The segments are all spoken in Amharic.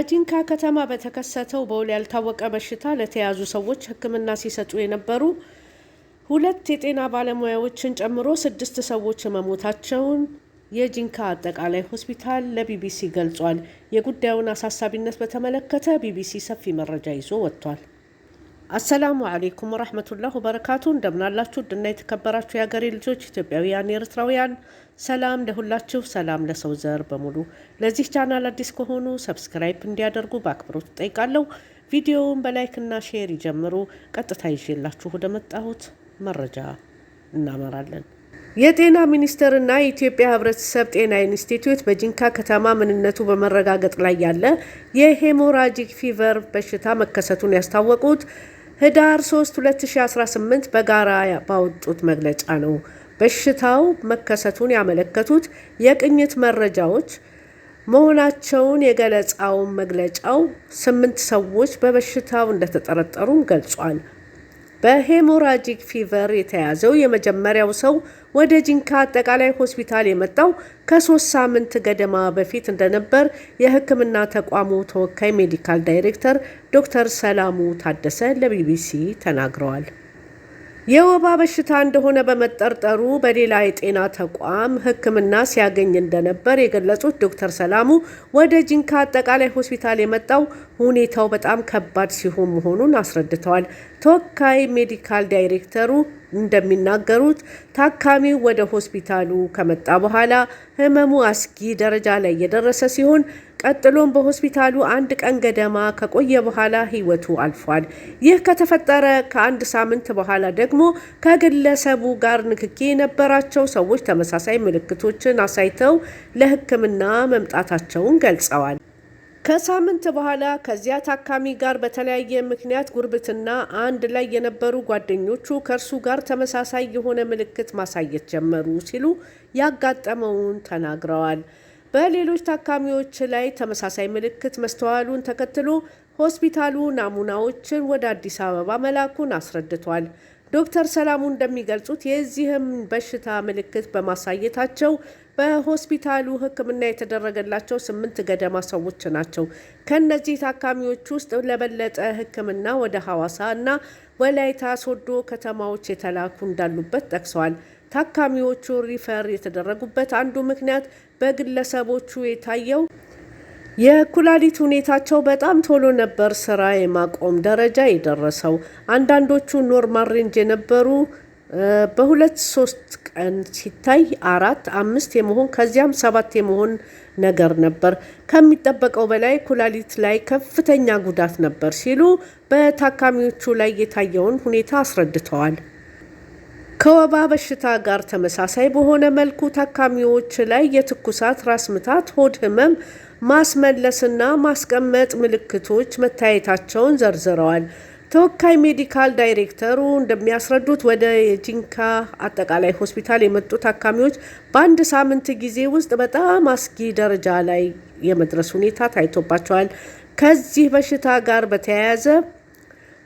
በጂንካ ከተማ በተከሰተው በውል ያልታወቀ በሽታ ለተያዙ ሰዎች ሕክምና ሲሰጡ የነበሩ ሁለት የጤና ባለሙያዎችን ጨምሮ ስድስት ሰዎች መሞታቸውን የጂንካ አጠቃላይ ሆስፒታል ለቢቢሲ ገልጿል። የጉዳዩን አሳሳቢነት በተመለከተ ቢቢሲ ሰፊ መረጃ ይዞ ወጥቷል። አሰላሙ አሌይኩም ወረህመቱላህ ወበረካቱ። እንደምናላችሁ ድና የተከበራችሁ የሀገሬ ልጆች ኢትዮጵያውያን፣ ኤርትራውያን ሰላም ለሁላችሁ፣ ሰላም ለሰው ዘር በሙሉ። ለዚህ ቻናል አዲስ ከሆኑ ሰብስክራይብ እንዲያደርጉ በአክብሮት ጠይቃለሁ። ቪዲዮውን በላይክና ሼር ይጀምሩ። ቀጥታ ይዤላችሁ ወደ መጣሁት መረጃ እናመራለን። የጤና ሚኒስቴርና የኢትዮጵያ ሕብረተሰብ ጤና ኢንስቲትዩት በጂንካ ከተማ ምንነቱ በመረጋገጥ ላይ ያለ የሄሞራጂክ ፊቨር በሽታ መከሰቱን ያስታወቁት ህዳር 3 2018 በጋራ ባወጡት መግለጫ ነው በሽታው መከሰቱን ያመለከቱት የቅኝት መረጃዎች መሆናቸውን የገለጻውን መግለጫው ስምንት ሰዎች በበሽታው እንደተጠረጠሩም ገልጿል። በሄሞራጂክ ፊቨር የተያዘው የመጀመሪያው ሰው ወደ ጂንካ አጠቃላይ ሆስፒታል የመጣው ከሶስት ሳምንት ገደማ በፊት እንደነበር የሕክምና ተቋሙ ተወካይ ሜዲካል ዳይሬክተር ዶክተር ሰላሙ ታደሰ ለቢቢሲ ተናግረዋል። የወባ በሽታ እንደሆነ በመጠርጠሩ በሌላ የጤና ተቋም ሕክምና ሲያገኝ እንደነበር የገለጹት ዶክተር ሰላሙ ወደ ጂንካ አጠቃላይ ሆስፒታል የመጣው ሁኔታው በጣም ከባድ ሲሆን መሆኑን አስረድተዋል። ተወካይ ሜዲካል ዳይሬክተሩ እንደሚናገሩት ታካሚው ወደ ሆስፒታሉ ከመጣ በኋላ ህመሙ አስጊ ደረጃ ላይ የደረሰ ሲሆን ቀጥሎም በሆስፒታሉ አንድ ቀን ገደማ ከቆየ በኋላ ህይወቱ አልፏል። ይህ ከተፈጠረ ከአንድ ሳምንት በኋላ ደግሞ ከግለሰቡ ጋር ንክኪ የነበራቸው ሰዎች ተመሳሳይ ምልክቶችን አሳይተው ለሕክምና መምጣታቸውን ገልጸዋል። ከሳምንት በኋላ ከዚያ ታካሚ ጋር በተለያየ ምክንያት ጉርብትና አንድ ላይ የነበሩ ጓደኞቹ ከእርሱ ጋር ተመሳሳይ የሆነ ምልክት ማሳየት ጀመሩ ሲሉ ያጋጠመውን ተናግረዋል። በሌሎች ታካሚዎች ላይ ተመሳሳይ ምልክት መስተዋሉን ተከትሎ ሆስፒታሉ ናሙናዎችን ወደ አዲስ አበባ መላኩን አስረድቷል። ዶክተር ሰላሙ እንደሚገልጹት የዚህም በሽታ ምልክት በማሳየታቸው በሆስፒታሉ ሕክምና የተደረገላቸው ስምንት ገደማ ሰዎች ናቸው። ከእነዚህ ታካሚዎች ውስጥ ለበለጠ ሕክምና ወደ ሐዋሳ እና ወላይታ ሶዶ ከተማዎች የተላኩ እንዳሉበት ጠቅሰዋል። ታካሚዎቹ ሪፈር የተደረጉበት አንዱ ምክንያት በግለሰቦቹ የታየው የኩላሊት ሁኔታቸው በጣም ቶሎ ነበር ስራ የማቆም ደረጃ የደረሰው። አንዳንዶቹ ኖርማል ሬንጅ የነበሩ በሁለት ሶስት ቀን ሲታይ አራት አምስት የመሆን ከዚያም ሰባት የመሆን ነገር ነበር። ከሚጠበቀው በላይ ኩላሊት ላይ ከፍተኛ ጉዳት ነበር ሲሉ በታካሚዎቹ ላይ የታየውን ሁኔታ አስረድተዋል። ከወባ በሽታ ጋር ተመሳሳይ በሆነ መልኩ ታካሚዎች ላይ የትኩሳት፣ ራስ ምታት፣ ሆድ ህመም፣ ማስመለስና ማስቀመጥ ምልክቶች መታየታቸውን ዘርዝረዋል። ተወካይ ሜዲካል ዳይሬክተሩ እንደሚያስረዱት ወደ የጂንካ አጠቃላይ ሆስፒታል የመጡ ታካሚዎች በአንድ ሳምንት ጊዜ ውስጥ በጣም አስጊ ደረጃ ላይ የመድረስ ሁኔታ ታይቶባቸዋል። ከዚህ በሽታ ጋር በተያያዘ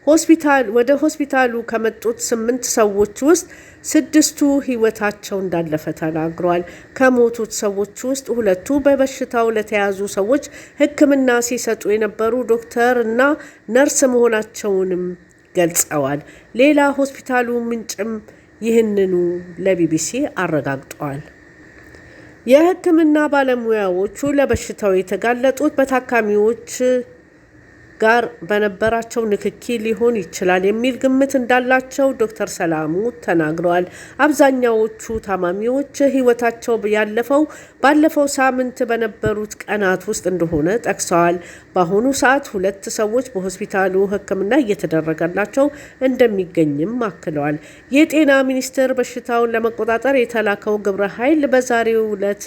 ሆስፒታል ወደ ሆስፒታሉ ከመጡት ስምንት ሰዎች ውስጥ ስድስቱ ህይወታቸው እንዳለፈ ተናግሯል። ከሞቱት ሰዎች ውስጥ ሁለቱ በበሽታው ለተያዙ ሰዎች ሕክምና ሲሰጡ የነበሩ ዶክተር እና ነርስ መሆናቸውንም ገልጸዋል። ሌላ ሆስፒታሉ ምንጭም ይህንኑ ለቢቢሲ አረጋግጠዋል። የህክምና ባለሙያዎቹ ለበሽታው የተጋለጡት በታካሚዎች ጋር በነበራቸው ንክኪ ሊሆን ይችላል የሚል ግምት እንዳላቸው ዶክተር ሰላሙ ተናግረዋል። አብዛኛዎቹ ታማሚዎች ሕይወታቸው ያለፈው ባለፈው ሳምንት በነበሩት ቀናት ውስጥ እንደሆነ ጠቅሰዋል። በአሁኑ ሰዓት ሁለት ሰዎች በሆስፒታሉ ሕክምና እየተደረገላቸው እንደሚገኝም አክለዋል። የጤና ሚኒስቴር በሽታውን ለመቆጣጠር የተላከው ግብረ ኃይል በዛሬው ዕለት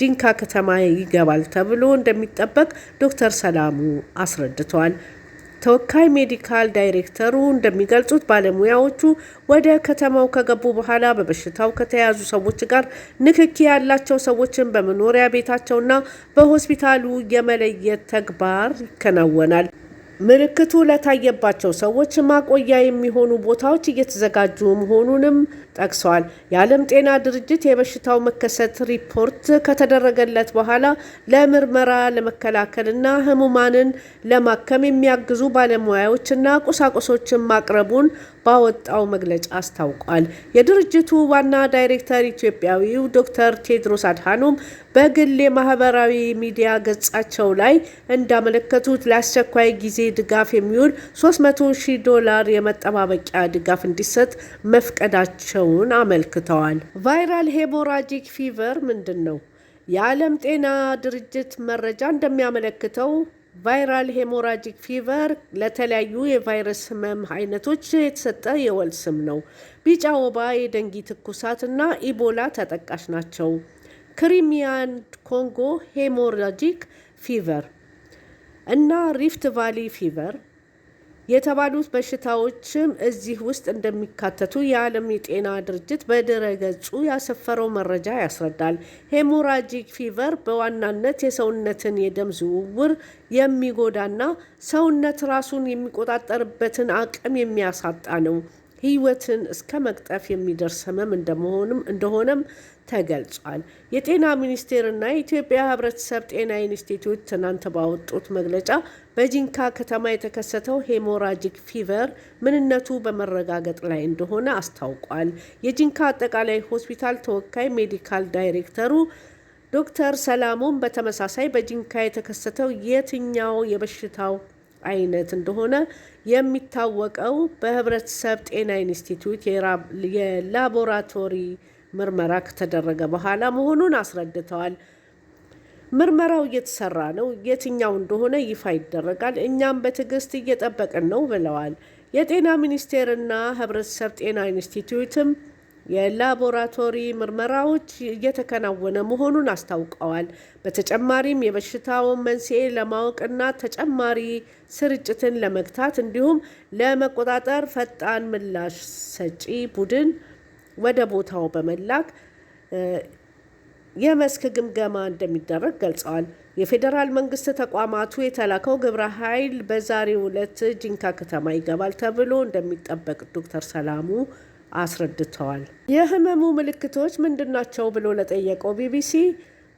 ጂንካ ከተማ ይገባል ተብሎ እንደሚጠበቅ ዶክተር ሰላሙ አስረድተዋል። ተናግረዋል። ተወካይ ሜዲካል ዳይሬክተሩ እንደሚገልጹት ባለሙያዎቹ ወደ ከተማው ከገቡ በኋላ በበሽታው ከተያዙ ሰዎች ጋር ንክኪ ያላቸው ሰዎችን በመኖሪያ ቤታቸውና በሆስፒታሉ የመለየት ተግባር ይከናወናል። ምልክቱ ለታየባቸው ሰዎች ማቆያ የሚሆኑ ቦታዎች እየተዘጋጁ መሆኑንም ጠቅሰዋል። የዓለም ጤና ድርጅት የበሽታው መከሰት ሪፖርት ከተደረገለት በኋላ ለምርመራ ለመከላከልና ህሙማንን ለማከም የሚያግዙ ባለሙያዎችና ቁሳቁሶችን ማቅረቡን ባወጣው መግለጫ አስታውቋል። የድርጅቱ ዋና ዳይሬክተር ኢትዮጵያዊው ዶክተር ቴድሮስ አድሃኖም በግል የማህበራዊ ሚዲያ ገጻቸው ላይ እንዳመለከቱት ለአስቸኳይ ጊዜ ድጋፍ የሚውል 300 ሺህ ዶላር የመጠባበቂያ ድጋፍ እንዲሰጥ መፍቀዳቸው መሆናቸውን አመልክተዋል። ቫይራል ሄሞራጂክ ፊቨር ምንድን ነው? የዓለም ጤና ድርጅት መረጃ እንደሚያመለክተው ቫይራል ሄሞራጂክ ፊቨር ለተለያዩ የቫይረስ ህመም አይነቶች የተሰጠ የወል ስም ነው። ቢጫ ወባ፣ የደንጊ ትኩሳት እና ኢቦላ ተጠቃሽ ናቸው። ክሪሚያን ኮንጎ ሄሞራጂክ ፊቨር እና ሪፍት ቫሊ ፊቨር የተባሉት በሽታዎችም እዚህ ውስጥ እንደሚካተቱ የዓለም የጤና ድርጅት በድረ ገጹ ያሰፈረው መረጃ ያስረዳል። ሄሞራጂክ ፊቨር በዋናነት የሰውነትን የደም ዝውውር የሚጎዳና ሰውነት ራሱን የሚቆጣጠርበትን አቅም የሚያሳጣ ነው። ህይወትን እስከ መቅጠፍ የሚደርስ ህመም እንደመሆንም እንደሆነም ተገልጿል። የጤና ሚኒስቴርና የኢትዮጵያ ህብረተሰብ ጤና ኢንስቲትዩት ትናንት ባወጡት መግለጫ በጂንካ ከተማ የተከሰተው ሄሞራጂክ ፊቨር ምንነቱ በመረጋገጥ ላይ እንደሆነ አስታውቋል። የጂንካ አጠቃላይ ሆስፒታል ተወካይ ሜዲካል ዳይሬክተሩ ዶክተር ሰላሙን በተመሳሳይ በጂንካ የተከሰተው የትኛው የበሽታው አይነት እንደሆነ የሚታወቀው በህብረተሰብ ጤና ኢንስቲትዩት የላቦራቶሪ ምርመራ ከተደረገ በኋላ መሆኑን አስረድተዋል። ምርመራው እየተሰራ ነው፣ የትኛው እንደሆነ ይፋ ይደረጋል። እኛም በትዕግስት እየጠበቅን ነው ብለዋል። የጤና ሚኒስቴርና ህብረተሰብ ጤና ኢንስቲትዩትም የላቦራቶሪ ምርመራዎች እየተከናወነ መሆኑን አስታውቀዋል። በተጨማሪም የበሽታውን መንስኤ ለማወቅና ተጨማሪ ስርጭትን ለመግታት እንዲሁም ለመቆጣጠር ፈጣን ምላሽ ሰጪ ቡድን ወደ ቦታው በመላክ የመስክ ግምገማ እንደሚደረግ ገልጸዋል። የፌዴራል መንግስት ተቋማቱ የተላከው ግብረ ኃይል በዛሬው ዕለት ጂንካ ከተማ ይገባል ተብሎ እንደሚጠበቅ ዶክተር ሰላሙ አስረድተዋል። የህመሙ ምልክቶች ምንድናቸው ብሎ ለጠየቀው ቢቢሲ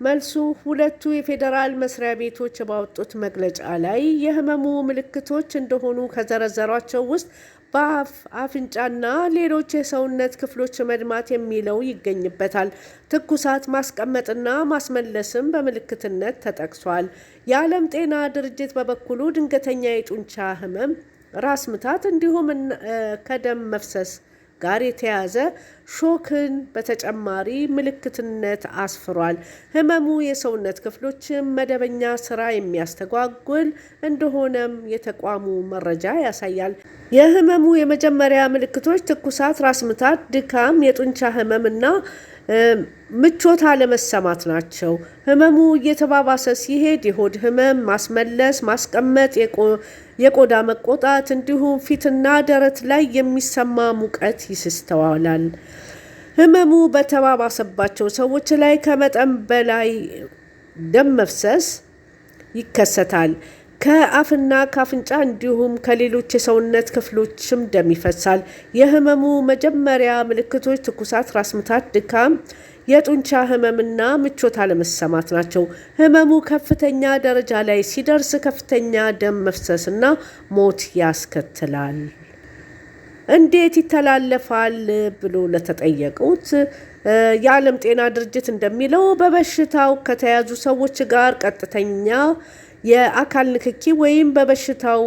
መልሱ ሁለቱ የፌዴራል መስሪያ ቤቶች ባወጡት መግለጫ ላይ የህመሙ ምልክቶች እንደሆኑ ከዘረዘሯቸው ውስጥ በአፍ አፍንጫና ሌሎች የሰውነት ክፍሎች መድማት የሚለው ይገኝበታል። ትኩሳት፣ ማስቀመጥና ማስመለስም በምልክትነት ተጠቅሷል። የዓለም ጤና ድርጅት በበኩሉ ድንገተኛ የጡንቻ ህመም፣ ራስ ምታት እንዲሁም ከደም መፍሰስ ጋር የተያያዘ ሾክን በተጨማሪ ምልክትነት አስፍሯል። ህመሙ የሰውነት ክፍሎችን መደበኛ ስራ የሚያስተጓጉል እንደሆነም የተቋሙ መረጃ ያሳያል። የህመሙ የመጀመሪያ ምልክቶች ትኩሳት፣ ራስ ምታት፣ ድካም፣ የጡንቻ ህመምና ምቾት አለመሰማት ናቸው። ህመሙ እየተባባሰ ሲሄድ የሆድ ህመም፣ ማስመለስ፣ ማስቀመጥ፣ የቆዳ መቆጣት እንዲሁም ፊትና ደረት ላይ የሚሰማ ሙቀት ይስተዋላል። ህመሙ በተባባሰባቸው ሰዎች ላይ ከመጠን በላይ ደም መፍሰስ ይከሰታል። ከአፍና ከአፍንጫ እንዲሁም ከሌሎች የሰውነት ክፍሎችም ደም ይፈሳል። የህመሙ መጀመሪያ ምልክቶች ትኩሳት፣ ራስ ምታት፣ ድካም፣ የጡንቻ ህመምና ምቾት አለመሰማት ናቸው። ህመሙ ከፍተኛ ደረጃ ላይ ሲደርስ ከፍተኛ ደም መፍሰስና ሞት ያስከትላል። እንዴት ይተላለፋል ብሎ ለተጠየቁት የዓለም ጤና ድርጅት እንደሚለው በበሽታው ከተያዙ ሰዎች ጋር ቀጥተኛ የአካል ንክኪ ወይም በበሽታው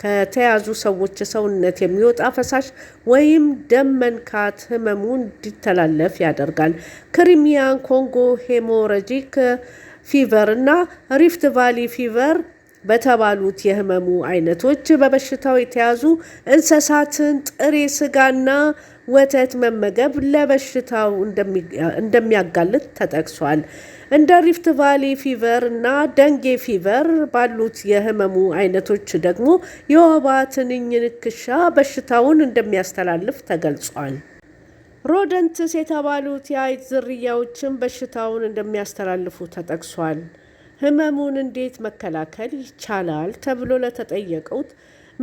ከተያዙ ሰዎች ሰውነት የሚወጣ ፈሳሽ ወይም ደም መንካት ህመሙ እንዲተላለፍ ያደርጋል። ክሪሚያን ኮንጎ ሄሞራጂክ ፊቨር እና ሪፍት ቫሊ ፊቨር በተባሉት የህመሙ አይነቶች በበሽታው የተያዙ እንስሳትን ጥሬ ስጋና ወተት መመገብ ለበሽታው እንደሚያጋልጥ ተጠቅሷል። እንደ ሪፍት ቫሊ ፊቨር እና ደንጌ ፊቨር ባሉት የህመሙ አይነቶች ደግሞ የወባ ትንኝ ንክሻ በሽታውን እንደሚያስተላልፍ ተገልጿል። ሮደንትስ የተባሉት የአይጥ ዝርያዎችን በሽታውን እንደሚያስተላልፉ ተጠቅሷል። ህመሙን እንዴት መከላከል ይቻላል ተብሎ ለተጠየቁት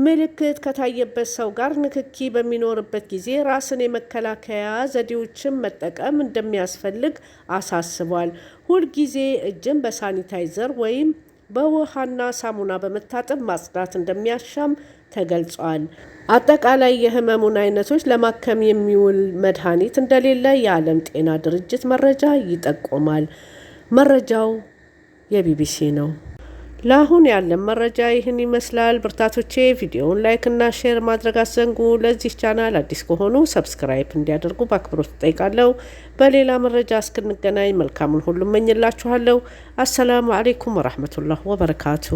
ምልክት ከታየበት ሰው ጋር ንክኪ በሚኖርበት ጊዜ ራስን የመከላከያ ዘዴዎችን መጠቀም እንደሚያስፈልግ አሳስቧል። ሁልጊዜ እጅን በሳኒታይዘር ወይም በውሃና ሳሙና በመታጠብ ማጽዳት እንደሚያሻም ተገልጿል። አጠቃላይ የህመሙን አይነቶች ለማከም የሚውል መድኃኒት እንደሌለ የዓለም ጤና ድርጅት መረጃ ይጠቁማል። መረጃው የቢቢሲ ነው። ለአሁን ያለን መረጃ ይህን ይመስላል። ብርታቶቼ ቪዲዮውን ላይክ እና ሼር ማድረግ አትዘንጉ። ለዚህ ቻናል አዲስ ከሆኑ ሰብስክራይብ እንዲያደርጉ በአክብሮት እጠይቃለሁ። በሌላ መረጃ እስክንገናኝ መልካሙን ሁሉ እመኝላችኋለሁ። አሰላሙ አሌይኩም ወራህመቱላህ ወበረካቱ